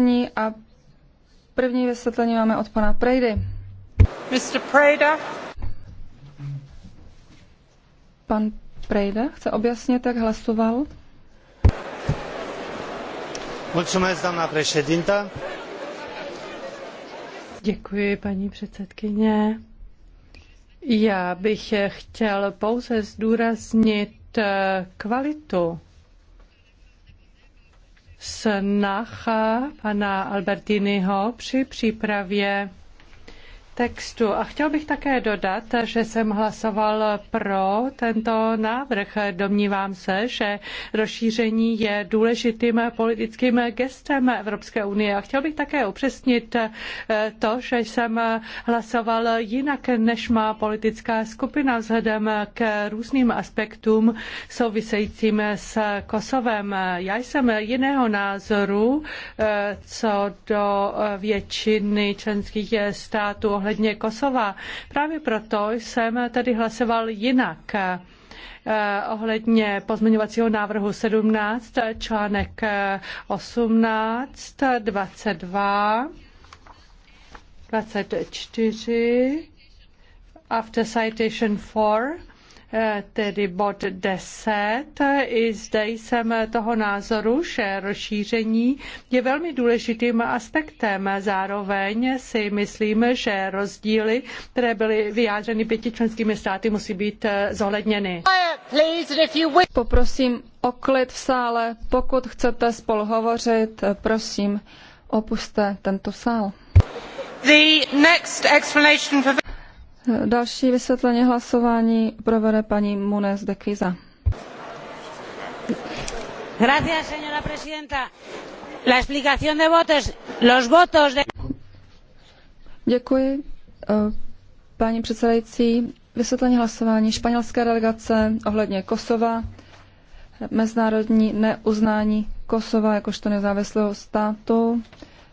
vysvětlení a první vysvětlení máme od pana Prejdy. Mr. Prejda. Pan Prejda chce objasnit, jak hlasoval. Mulțumesc, doamna președintă. Děkuji, paní předsedkyně. Já bych chtěl pouze zdůraznit kvalitu snah pana Albertiniho při přípravě textu. A chtěl bych také dodat, že jsem hlasoval pro tento návrh. Domnívám se, že rozšíření je důležitým politickým gestem Evropské unie. A chtěl bych také upřesnit eh, to, že jsem hlasoval jinak, než má politická skupina vzhledem k různým aspektům souvisejícím s Kosovem. Já jsem jiného názoru eh, co do většiny členských států ohledně Kosova. Právě proto jsem tedy hlasoval jinak eh, ohledně pozměňovacího návrhu 17, článek 18, 22, 24 after citation 4 Eh, tedy bod 10. I zde jsem toho názoru, že rozšíření je velmi důležitým aspektem. Zároveň si myslím, že rozdíly, které byly vyjádřeny pěti členskými státy, musí být eh, zohledněny. Poprosím o klid v sále. Pokud chcete spolu hovořit, eh, prosím, opuste tento sál. The next explanation for... Další vysvětlení hlasování provede paní Munes de Kiza. Gracias, señora presidenta. La explicación de votos, los votos de... Děkuji, eh, paní předsedající. Vysvětlení hlasování španělské delegace ohledně Kosova, mezinárodní neuznání Kosova jakožto nezávislého státu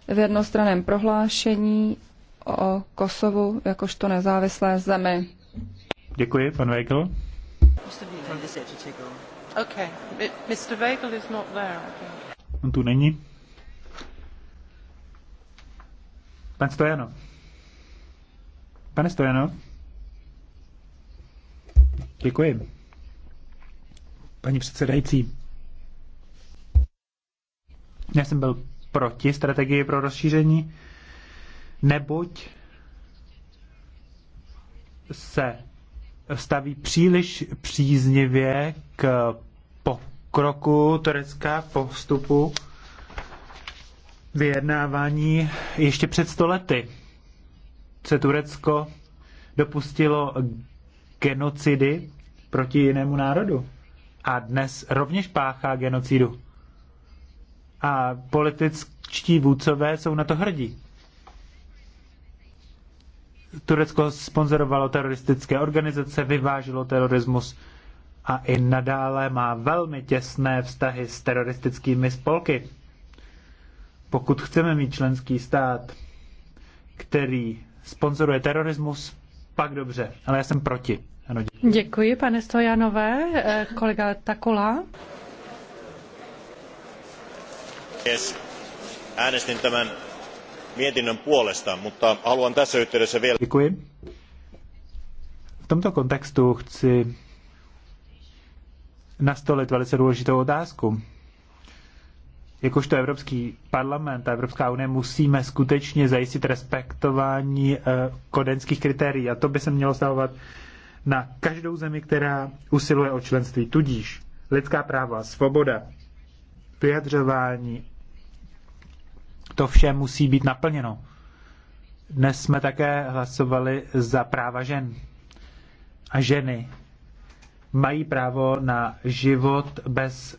v jednostraném prohlášení o Kosovu jakožto nezávislé zemi. Děkuji, pan Weigl. Mr. is not there, On tu není. Pan Stojano. Pane Stojano. Děkuji. Paní předsedající, já jsem byl proti strategii pro rozšíření, neboť se staví příliš příznivě k pokroku Turecka postupu vyjednávání ještě před stolety se Turecko dopustilo genocidy proti jinému národu. A dnes rovněž páchá genocidu. A političtí vůdcové jsou na to hrdí. Turecko sponzorovalo teroristické organizace, vyváželo terorismus a i nadále má velmi těsné vztahy s teroristickými spolky. Pokud chceme mít členský stát, který sponzoruje terorismus, pak dobře, ale já jsem proti. Ano, děkuji. děkuji, pane Stojanové. Eh, kolega Takula. Yes. Äänestin tämän mietinnön puolesta, mutta haluan tässä yhteydessä vielä... Děkuji. V tomto kontextu chci nastolit velice důležitou otázku. Jakožto Evropský parlament a Evropská unie musíme skutečně zajistit respektování eh, kodenských kritérií a to by se mělo stahovat na každou zemi, která usiluje o členství. Tudíž lidská práva, svoboda, vyjadřování to vše musí být naplněno. Dnes jsme také hlasovali za práva žen. A ženy mají právo na život bez,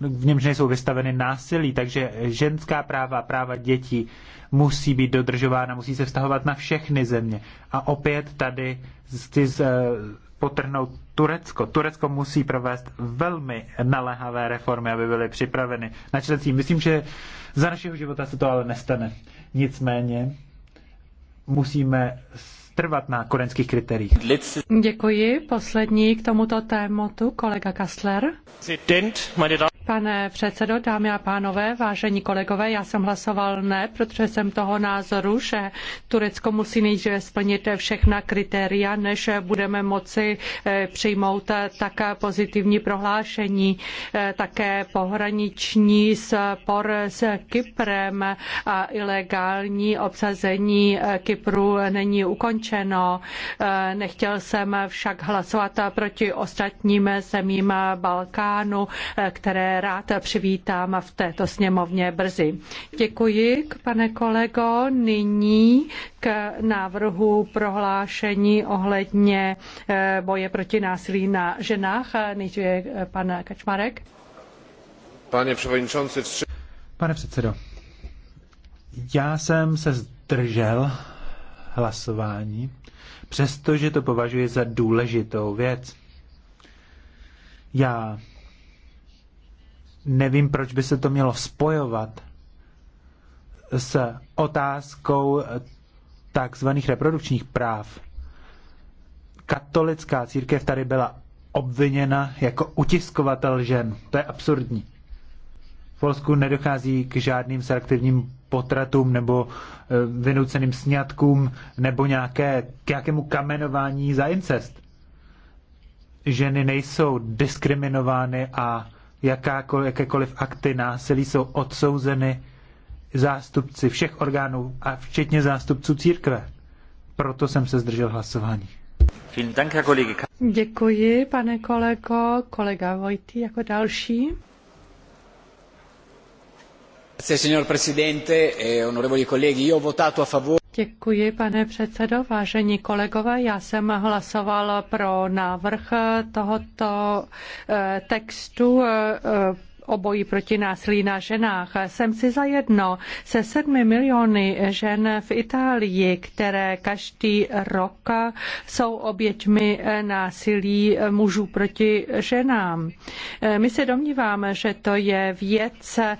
v němž nejsou vystaveny násilí, takže ženská práva, práva dětí musí být dodržována, musí se vztahovat na všechny země. A opět tady z ty potrhnout Turecko. Turecko musí provést velmi naléhavé reformy, aby byly připraveny na členství. Myslím, že za našeho života se to ale nestane. Nicméně musíme trvat na korenských kritériích. Děkuji. Poslední k tomuto tématu kolega Kassler. Pane předsedo, dámy a pánové, vážení kolegové, já jsem hlasoval ne, protože jsem toho názoru, že Turecko musí nejdříve splnit všechna kritéria, než budeme moci eh, přijmout eh, tak pozitivní prohlášení. Eh, také pohraniční spor s Kyprem a ilegální obsazení Kypru není ukončeno. Nechtěl jsem však hlasovat proti ostatním zemím Balkánu, které rád přivítám v této sněmovně brzy. Děkuji, pane kolego. Nyní k návrhu prohlášení ohledně eh, boje proti násilí na ženách. Nejdříve pan Kačmarek. Pane předsedající, Pane předsedo, já jsem se zdržel hlasování, přestože to považuji za důležitou věc. Já nevím, proč by se to mělo spojovat s otázkou takzvaných reprodukčních práv. Katolická církev tady byla obviněna jako utiskovatel žen. To je absurdní. V Polsku nedochází k žádným selektivním potratům nebo e, vynuceným sňatkům nebo nějaké, k nějakému kamenování za incest. Ženy nejsou diskriminovány a jakákoliv, jakékoliv akty násilí jsou odsouzeny zástupci všech orgánů a včetně zástupců církve. Proto jsem se zdržel hlasování. Děkuji, pane kolego. Kolega Vojty jako další. Děkuji, pane prezidente, colleghi, kolegy, ho votato a favore. Děkuji, pane předsedo. Vážení kolegové, já jsem hlasovala pro návrh tohoto eh, textu eh, o boji proti násilí na ženách. Jsem si zajedno se sedmi miliony žen v Itálii, které každý rok jsou oběťmi násilí mužů proti ženám. My se domníváme, že to je věc eh,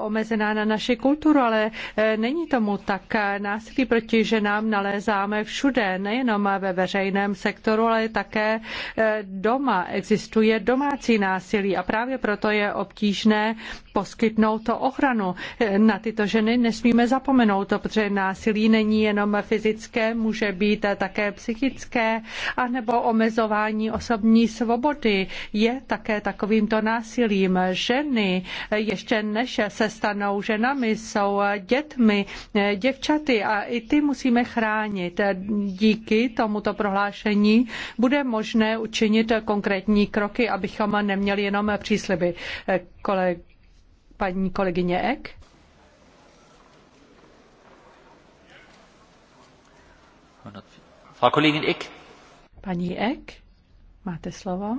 omezená na naši kulturu, ale eh, není tomu tak. Násilí proti ženám nalézáme všude, nejenom ve veřejném sektoru, ale také eh, doma. Existuje domácí násilí a právě proto je obtížné obtížné poskytnout to ochranu. Na tyto ženy nesmíme zapomenout, protože násilí není jenom fyzické, může být také psychické, anebo omezování osobní svobody je také takovýmto násilím. Ženy, ještě než se stanou ženami, jsou dětmi, děvčaty a i ty musíme chránit. Díky tomuto prohlášení bude možné učinit konkrétní kroky, abychom neměli jenom přísliby. Kole, paní kolegyně Ek. Frau Kollegin Ek. Paní Ek, máte slovo.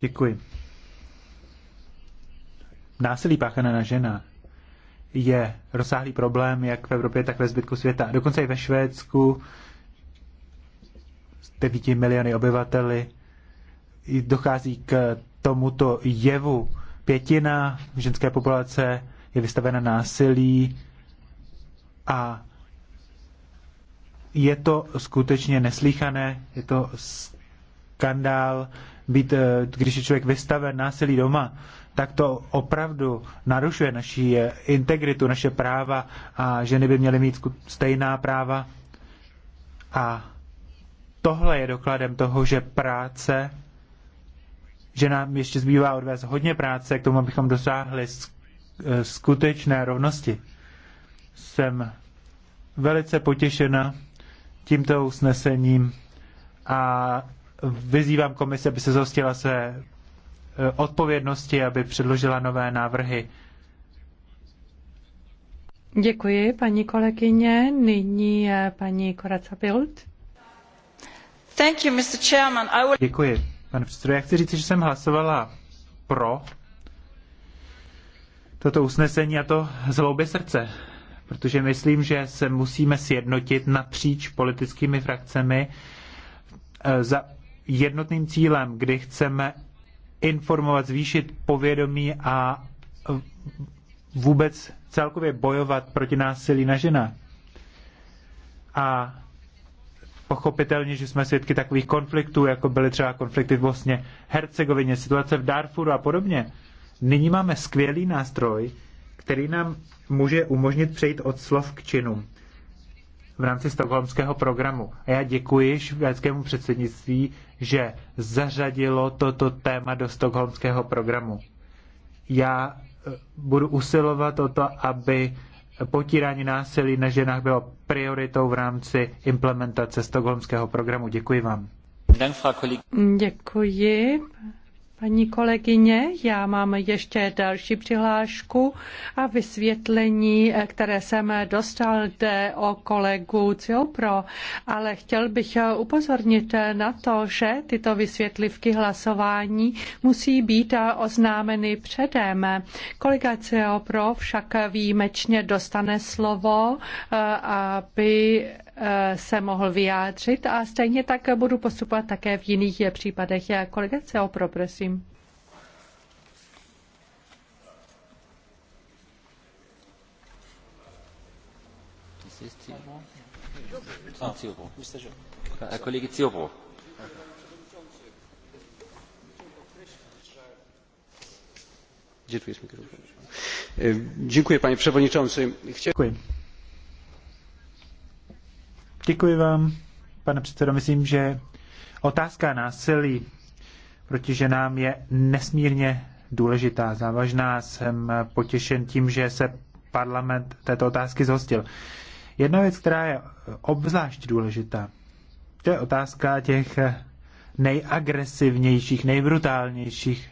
Děkuji. Násilí páchané na žena je rozsáhlý problém jak v Evropě, tak ve zbytku světa. Dokonce i ve Švédsku 9 miliony obyvateli dochází k tomuto jevu. Pětina ženské populace je vystavena násilí a je to skutečně neslíchané, je to skandál, být, eh, když je člověk vystaven násilí doma, tak to opravdu narušuje naši eh, integritu, naše práva a ženy by měly mít stejná práva. A tohle je dokladem toho, že práce že nám ještě zbývá odvést hodně práce k tomu, abychom dosáhli eh, skutečné rovnosti. Jsem velice potěšena tímto usnesením a vyzývám komise, aby se zhostila se eh, odpovědnosti, aby předložila nové návrhy. Děkuji, paní kolegyně. Nyní je paní Koraca Bild. Mr. Chairman. I will... Děkuji Pane předsedo, já chci říct, že jsem hlasovala pro toto usnesení a to z hlouby srdce, protože myslím, že se musíme sjednotit napříč politickými frakcemi eh, za jednotným cílem, kdy chceme informovat, zvýšit povědomí a vůbec celkově bojovat proti násilí na žena. A pochopitelně, že jsme svědky takových konfliktů, jako byly třeba konflikty v Bosně, Hercegovině, situace v Darfuru a podobně. Nyní máme skvělý nástroj, který nám může umožnit přejít od slov k činům v rámci stokholmského programu. A já děkuji švédskému předsednictví, že zařadilo toto téma do stokholmského programu. Já eh, budu usilovat o to, aby potírání násilí na ženách bylo prioritou v rámci implementace stokholmského programu. Děkuji vám. Děkuji. Paní kolegyně, já mám ještě další přihlášku a vysvětlení, eh, které jsem dostal, jde o kolegu Ciopro, ale chtěl bych eh, upozornit eh, na to, že tyto vysvětlivky hlasování musí být oznámeny předem. Kolega Ciopro však výjimečně dostane slovo, aby se mohl vyjádřit a stejně tak budu postupovat také v jiných případech. Kolega CEO, prosím. Ah, kolega Ceopro. Děkuji, pane předsedající. Chtěl... Děkuji vám, pane předsedo. Myslím, že otázka násilí proti ženám je nesmírně důležitá, závažná. Jsem potěšen tím, že se parlament této otázky zhostil. Jedna věc, která je obzvlášť důležitá, to je otázka těch nejagresivnějších, nejbrutálnějších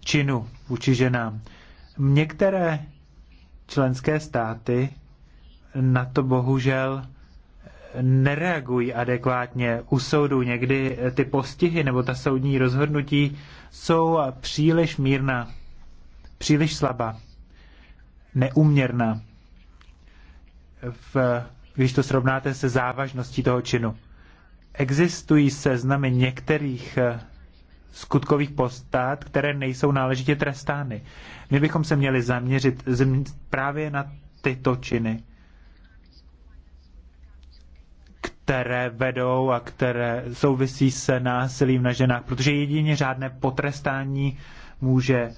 činů vůči ženám. Některé členské státy na to bohužel nereagují adekvátně u soudu. Někdy ty postihy nebo ta soudní rozhodnutí jsou příliš mírná, příliš slabá, neuměrná, v, když to srovnáte se závažností toho činu. Existují seznamy některých eh, skutkových postát, které nejsou náležitě trestány. My bychom se měli zaměřit právě na tyto činy které vedou a které souvisí se násilím na ženách, protože jedině řádné potrestání může eh,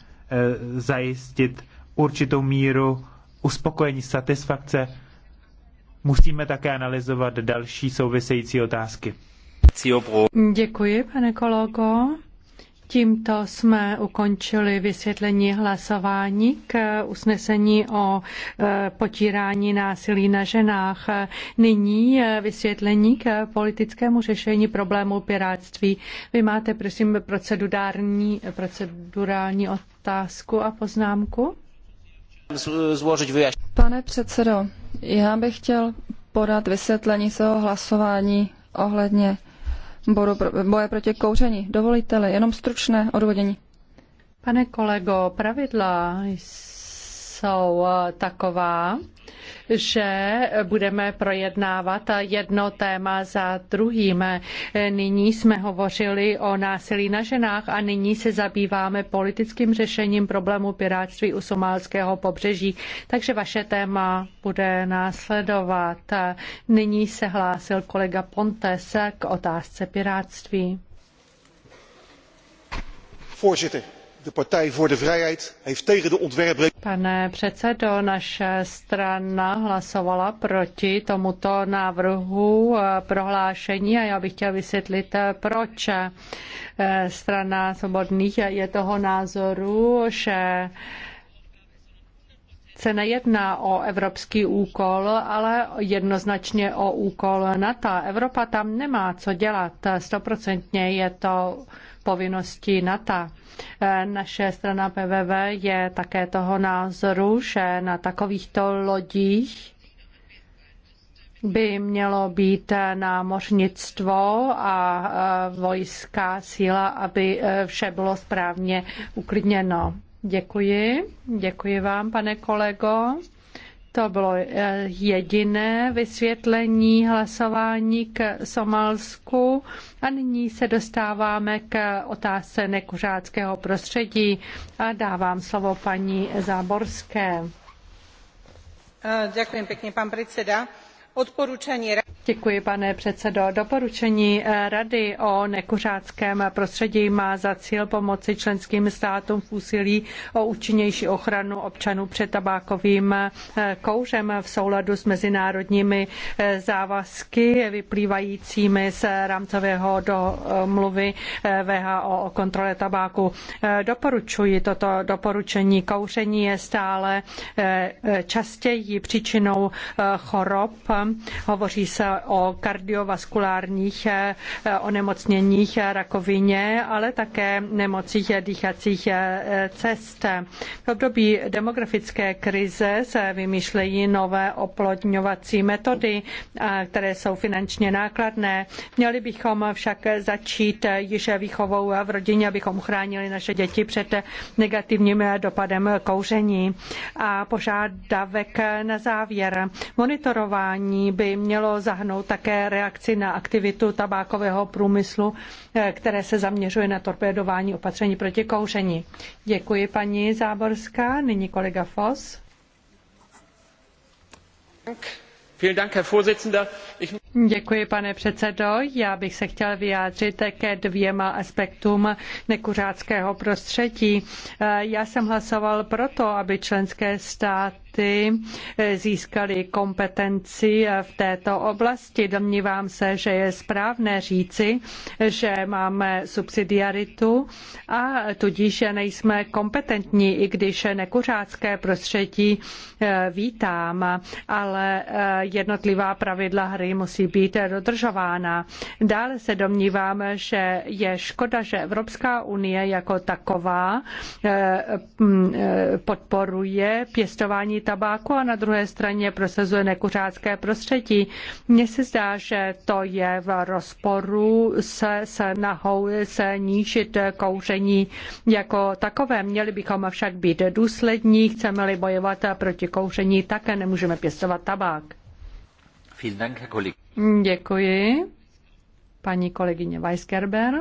zajistit určitou míru uspokojení, satisfakce. Musíme také analyzovat další související otázky. Děkuji, pane koloko. Tímto jsme ukončili vysvětlení hlasování k usnesení o e, potírání násilí na ženách. Nyní e, vysvětlení k politickému řešení problému piráctví. Vy máte, prosím, procedurální, procedurální otázku a poznámku? Pane předsedo, já bych chtěl podat vysvětlení svého hlasování ohledně boru, boje proti kouření. Dovolíte-li, jenom stručné odvodění. Pane kolego, pravidla jsou eh, taková, že budeme projednávat jedno téma za druhým. Nyní jsme hovořili o násilí na ženách a nyní se zabýváme politickým řešením problému piráctví u somálského pobřeží. Takže vaše téma bude následovat. Nyní se hlásil kolega Pontes k otázce piráctví de Partij voor de Vrijheid heeft tegen de ontwerpregel. Pane předsedo, naše strana hlasovala proti tomuto návrhu eh, prohlášení a já bych chtěla vysvětlit, eh, proč eh, strana svobodných je toho názoru, že se nejedná o evropský úkol, ale jednoznačně o úkol NATO. Evropa tam nemá co dělat. Stoprocentně je to povinností NATO. Naše strana PVV je také toho názoru, že na takovýchto lodích by mělo být námořnictvo a e, vojská síla, aby e, vše bylo správně uklidněno. Děkuji. Děkuji vám, pane kolego. To bylo eh, jediné vysvětlení hlasování k Somalsku a nyní se dostáváme k otázce nekuřáckého prostředí a dávám slovo paní Záborské. Eh, děkuji pěkně, pan předseda. Odporučení. Děkuji, pane předsedo. Doporučení eh, Rady o nekuřáckém prostředí má za cíl pomoci členským státům v úsilí o účinnější ochranu občanů před tabákovým eh, kouřem v souladu s mezinárodními eh, závazky vyplývajícími z rámcového domluvy WHO o kontrole tabáku. Doporučuji toto doporučení. Kouření je stále častěji příčinou chorob. Hovoří se o kardiovaskulárních eh, onemocněních eh, rakovině, ale také nemocích eh, dýchacích cest. V období demografické krize se vymýšlejí nové oplodňovací metody, které jsou finančně nákladné. Měli bychom však začít již výchovou v rodině, abychom chránili naše děti před negativním dopadem kouření. A požádavek na závěr. Monitorování by mělo zahrnout dosáhnout také reakci na aktivitu tabákového průmyslu, eh, které se zaměřuje na torpédování opatření proti kouření. Děkuji paní Záborská. Nyní kolega Foss. Vielen Dank, Herr Vorsitzender. Ich Děkuji, pane předsedo. Já bych se chtěl vyjádřit ke dvěma aspektům nekuřáckého prostředí. Já jsem hlasoval proto, aby členské státy získaly kompetenci v této oblasti. Domnívám se, že je správné říci, že máme subsidiaritu a tudíž nejsme kompetentní, i když nekuřácké prostředí vítám, ale jednotlivá pravidla hry musí být dodržována. Dále se domníváme, že je škoda, že Evropská unie jako taková eh, mm, eh, podporuje pěstování tabáku a na druhé straně prosazuje nekuřácké prostředí. Mně se zdá, že to je v rozporu se snahou snížit kouření jako takové. Měli bychom však být důslední, chceme-li bojovat proti kouření, také nemůžeme pěstovat tabák. Vielen Dank, Herr Kollege. Děkuji. Paní kolegyně Weisgerber.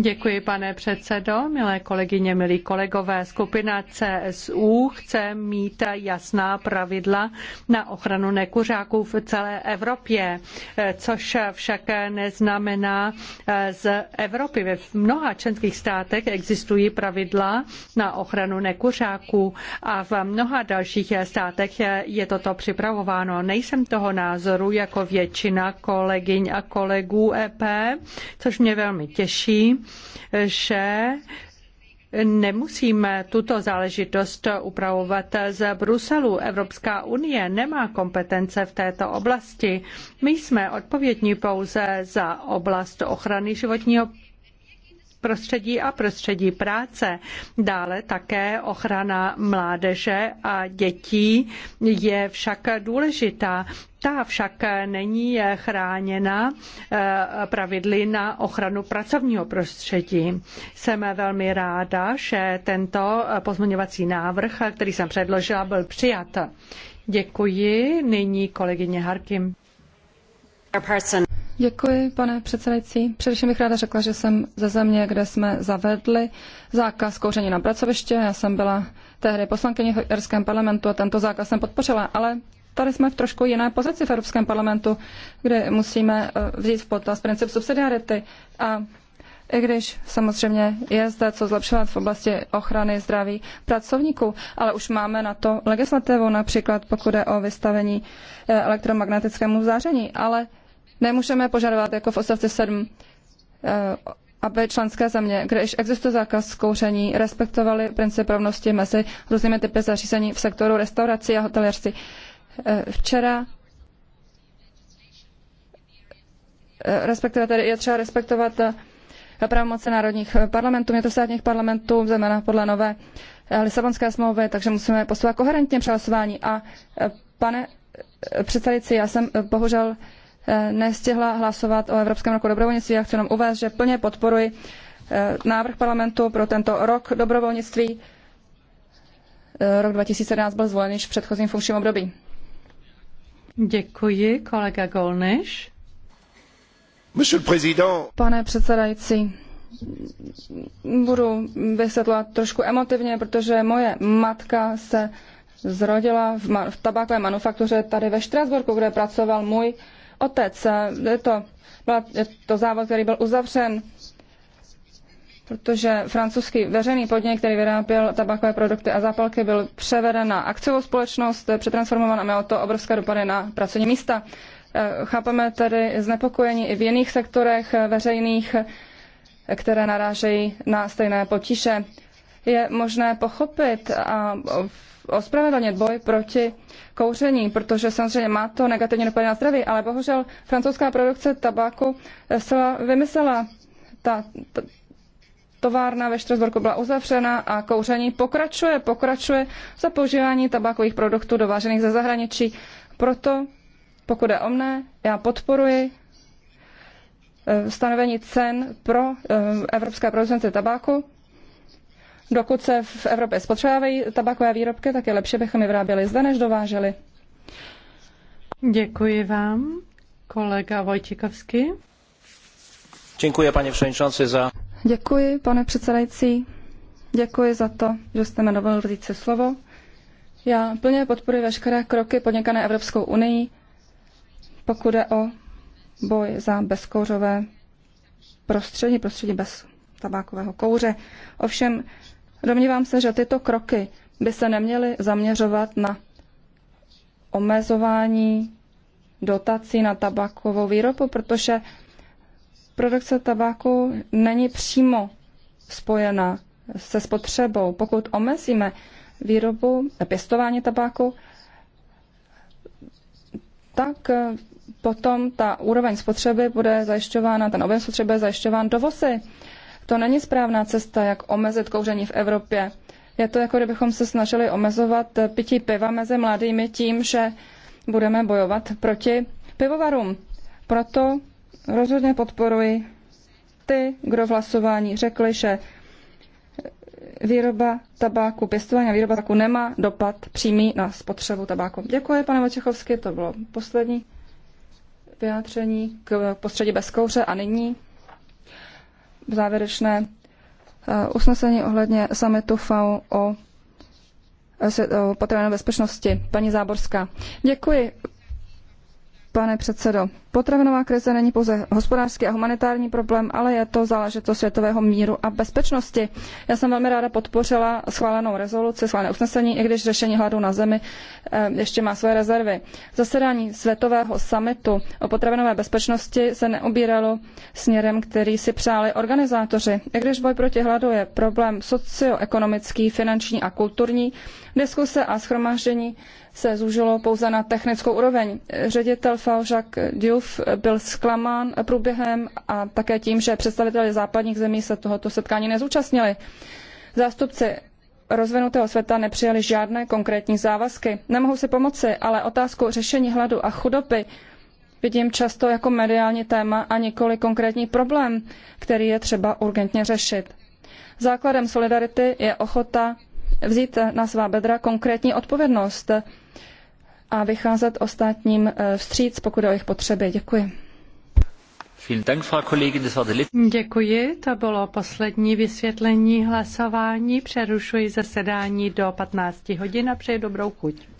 Děkuji, pane předsedající milé kolegyně, milí kolegové. Skupina CSU chce mít jasná pravidla na ochranu nekuřáků v celé Evropě, což však neznamená eh, z Evropy. Ve mnoha členských státech existují pravidla na ochranu nekuřáků a v mnoha dalších státech je toto připravováno. Nejsem toho názoru jako většina kolegyň a kolegů EP, což mě velmi těší, že Nemusíme tuto záležitost upravovat z Bruselu. Evropská unie nemá kompetence v této oblasti. My jsme odpovědní pouze za oblast ochrany životního prostředí a prostředí práce. Dále také ochrana mládeže a dětí je však důležitá. Ta však není chráněna eh, pravidly na ochranu pracovního prostředí. Jsem velmi ráda, že tento pozměňovací návrh, který jsem předložila, byl přijat. Děkuji. Nyní kolegyně Harkim. Person. Děkuji, pane předsedající. Především bych ráda řekla, že jsem ze země, kde jsme zavedli zákaz kouření na pracoviště. Já jsem byla tehdy poslankyně v Irském parlamentu a tento zákaz jsem podpořila, ale tady jsme v trošku jiné pozici v Evropském parlamentu, kde musíme eh, vzít v potaz princip subsidiarity a i když samozřejmě je zde co zlepšovat v oblasti ochrany zdraví pracovníků, ale už máme na to legislativu, například pokud je o vystavení eh, elektromagnetickému záření, ale Nemůžeme požadovat, jako v odstavci 7, eh, aby členské země, kde již existuje zákaz kouření, respektovaly princip rovnosti mezi různými typy zařízení v sektoru restaurací a hotelierství. Eh, včera eh, respektive tedy je třeba respektovat pravomoci národních parlamentů, vnitrostátních parlamentů, zejména podle nové Lisabonské smlouvy, takže musíme postupovat koherentně při hlasování. A pane předsedající, já jsem bohužel Eh, nestihla hlasovat o Evropském roku dobrovolnictví. Já chci jenom uvést, že plně podporuji eh, návrh parlamentu pro tento rok dobrovolnictví. Eh, rok 2017 byl zvolen již v předchozím funkčním období. Děkuji, kolega Golniš. Pane předsedající, budu vysvětlovat trošku emotivně, protože moje matka se zrodila v, ma- v tabákové manufaktuře tady ve Štrasburku, kde pracoval můj otec. Eh, je to, je to závod, který byl uzavřen, protože francouzský veřejný podnik, který vyráběl tabakové produkty a zápalky, byl převeden na akciovou společnost, přetransformovaná a mělo to obrovské dopady na pracovní místa. Eh, chápeme tedy znepokojení i v jiných sektorech eh, veřejných, které narážejí na stejné potíže. Je možné pochopit a ospravedlnit boj proti kouření, protože samozřejmě má to negativní dopady na zdraví, ale bohužel francouzská produkce tabáku zcela vymyslela ta, ta továrna ve Štrasburku byla uzavřena a kouření pokračuje, pokračuje za používání tabákových produktů dovážených ze zahraničí. Proto, pokud je o mne, já podporuji eh, stanovení cen pro eh, evropské producenty tabáku Dokud se v Evropě spotřebávají tabakové výrobky, tak je lepší, bychom je vyráběli zde, než dováželi. Děkuji vám, kolega Vojtěkovský. Děkuji, pane předsedající, za... Děkuji, pane předsedající. Děkuji za to, že jste mi dovolil vzít se slovo. Já plně podporuji veškeré kroky podnikané Evropskou unii, pokud jde o boj za bezkouřové prostředí, prostředí bez tabákového kouře. Ovšem Domnívám se, že tyto kroky by se neměly zaměřovat na omezování dotací na tabakovou výrobu, protože produkce tabáku není přímo spojena se spotřebou. Pokud omezíme výrobu, pěstování tabáku, tak potom ta úroveň spotřeby bude zajišťována, ten objem spotřeby bude zajišťován dovozy. To není správná cesta, jak omezit kouření v Evropě. Je to jako kdybychom se snažili omezovat pití piva mezi mladými tím, že budeme bojovat proti pivovarům. Proto rozhodně podporuji ty, kdo v hlasování řekli, že výroba tabáku, pěstování a výroba tabáku nemá dopad přímý na spotřebu tabáku. Děkuji, pane Vačechovský, to bylo poslední vyjádření k postředí bez kouře a nyní závěrečné eh, usnesení ohledně summitu FAO eh, o potravinové bezpečnosti. Paní Záborská. Děkuji pane předsedo. Potravinová krize není pouze hospodářský a humanitární problém, ale je to záležitost světového míru a bezpečnosti. Já jsem velmi ráda podpořila schválenou rezoluci, schválené usnesení, i když řešení hladu na zemi eh, ještě má své rezervy. Zasedání světového summitu o potravinové bezpečnosti se neobíralo směrem, který si přáli organizátoři. I když boj proti hladu je problém socioekonomický, finanční a kulturní, Diskuse a schromáždění se zúžilo pouze na technickou úroveň. Ředitel FAO Jacques Diouf byl zklamán průběhem a také tím, že představitelé západních zemí se tohoto setkání nezúčastnili. Zástupci rozvinutého světa nepřijali žádné konkrétní závazky. Nemohu si pomoci, ale otázku řešení hladu a chudoby vidím často jako mediální téma a nikoli konkrétní problém, který je třeba urgentně řešit. Základem solidarity je ochota vzít na svá bedra konkrétní odpovědnost a vycházet ostatním eh, vstříc, pokud je o jejich potřeby. Děkuji. Děkuji, to bylo poslední vysvětlení hlasování. Přerušuji zasedání do 15 hodin a přeji dobrou chuť.